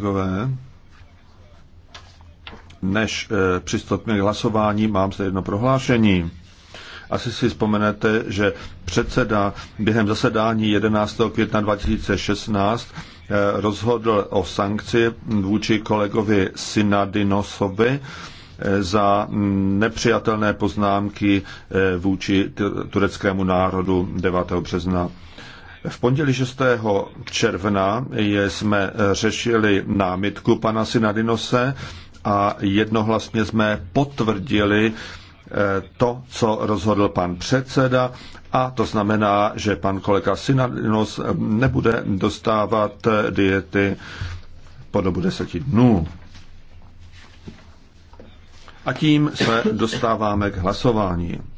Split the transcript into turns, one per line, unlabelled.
kolegové, než eh, přistoupíme k hlasování, mám zde jedno prohlášení. Asi si vzpomenete, že předseda během zasedání 11. května 2016 eh, rozhodl o sankci vůči kolegovi Synadinosovi eh, za nepřijatelné poznámky vůči tureckému národu 9. března. V pondělí 6. června jsme řešili námitku pana Synadinose a jednohlasně jsme potvrdili eh, to, co rozhodl pan předseda a to znamená, že pan kolega Synadinos nebude dostávat eh, diety po dobu deseti dnů. A tím se
dostáváme k hlasování.